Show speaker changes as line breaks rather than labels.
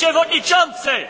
przewodniczący!